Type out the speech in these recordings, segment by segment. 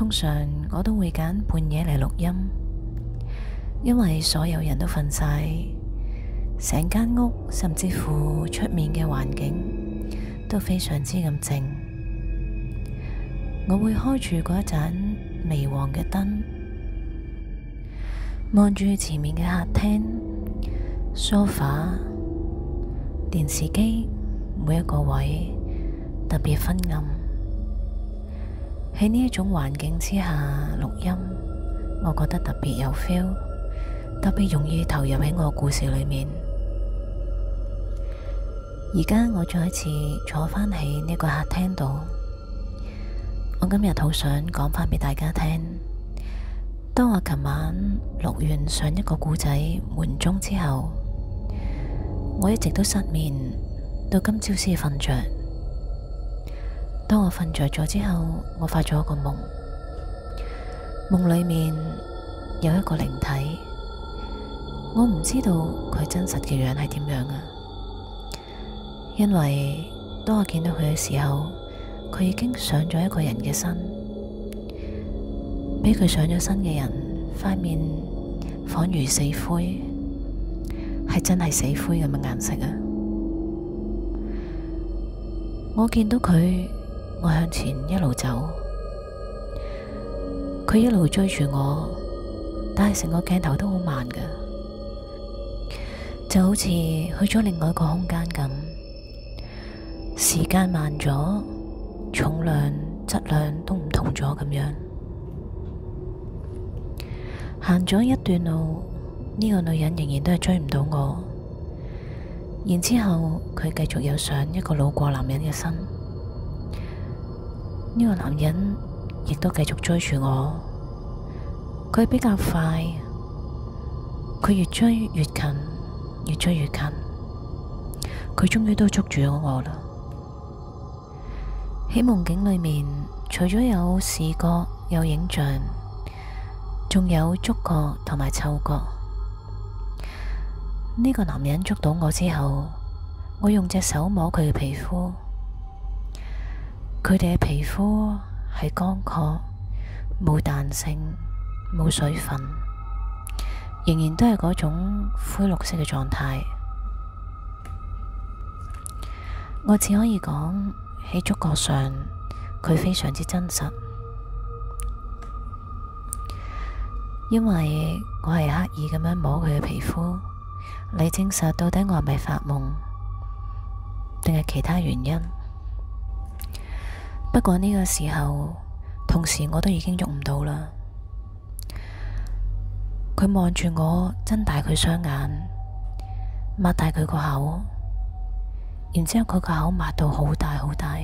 通常我都會揀半夜嚟錄音，因為所有人都瞓晒，成間屋甚至乎出面嘅環境都非常之咁靜。我會開住嗰盞微黃嘅燈，望住前面嘅客廳、梳化、電視機每一個位，特別昏暗。喺呢一種環境之下錄音，我覺得特別有 feel，特別容易投入喺我故事裏面。而家我再一次坐返喺呢個客廳度，我今日好想講返畀大家聽。當我琴晚錄完上一個故仔《門鐘》之後，我一直都失眠，到今朝先瞓着。當我瞓着咗之後，我發咗一個夢，夢裏面有一個靈體，我唔知道佢真實嘅樣係點樣啊。因為當我見到佢嘅時候，佢已經上咗一個人嘅身，畀佢上咗身嘅人塊面仿如死灰，係真係死灰咁嘅顏色啊。我見到佢。我向前一路走，佢一路追住我，但係成個鏡頭都好慢嘅，就好似去咗另外一個空間咁，時間慢咗，重量、質量都唔同咗咁樣。行咗一段路，呢個女人仍然都係追唔到我，然之後佢繼續又上一個路過男人嘅身。呢個男人亦都繼續追住我，佢比較快，佢越追越近，越追越近，佢終於都捉住咗我啦！喺夢境裏面，除咗有視覺、有影像，仲有觸覺同埋嗅覺。呢個男人捉到我之後，我用隻手摸佢嘅皮膚。佢哋嘅皮膚係乾涸、冇彈性、冇水分，仍然都係嗰種灰綠色嘅狀態。我只可以講喺觸覺上，佢非常之真實，因為我係刻意咁樣摸佢嘅皮膚，嚟證實到底我係咪發夢，定係其他原因？不過呢個時候，同時我都已經喐唔到啦。佢望住我，睜大佢雙眼，擘大佢個口，然之後佢個口擘到好大好大。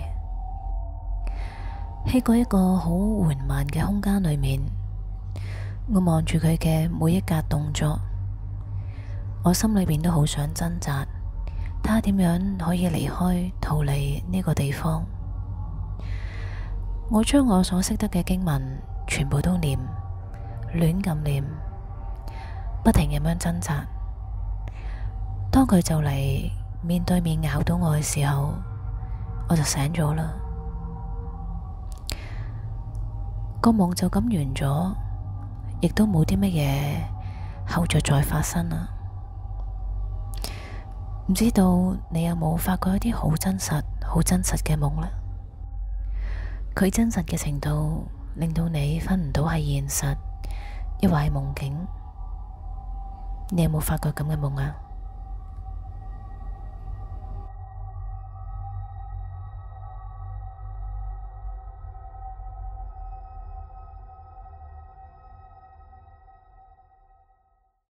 喺個一個好緩慢嘅空間裏面，我望住佢嘅每一格動作，我心裏邊都好想掙扎。睇下點樣可以離開、逃離呢個地方？我將我所識得嘅經文全部都念，亂咁念，不停咁樣掙扎。當佢就嚟面對面咬到我嘅時候，我就醒咗啦。個夢就咁完咗，亦都冇啲乜嘢後續再發生啦。唔知道你有冇發過一啲好真實、好真實嘅夢呢？佢真實嘅程度，令到你分唔到係現實，抑或係夢境。你有冇發過咁嘅夢啊？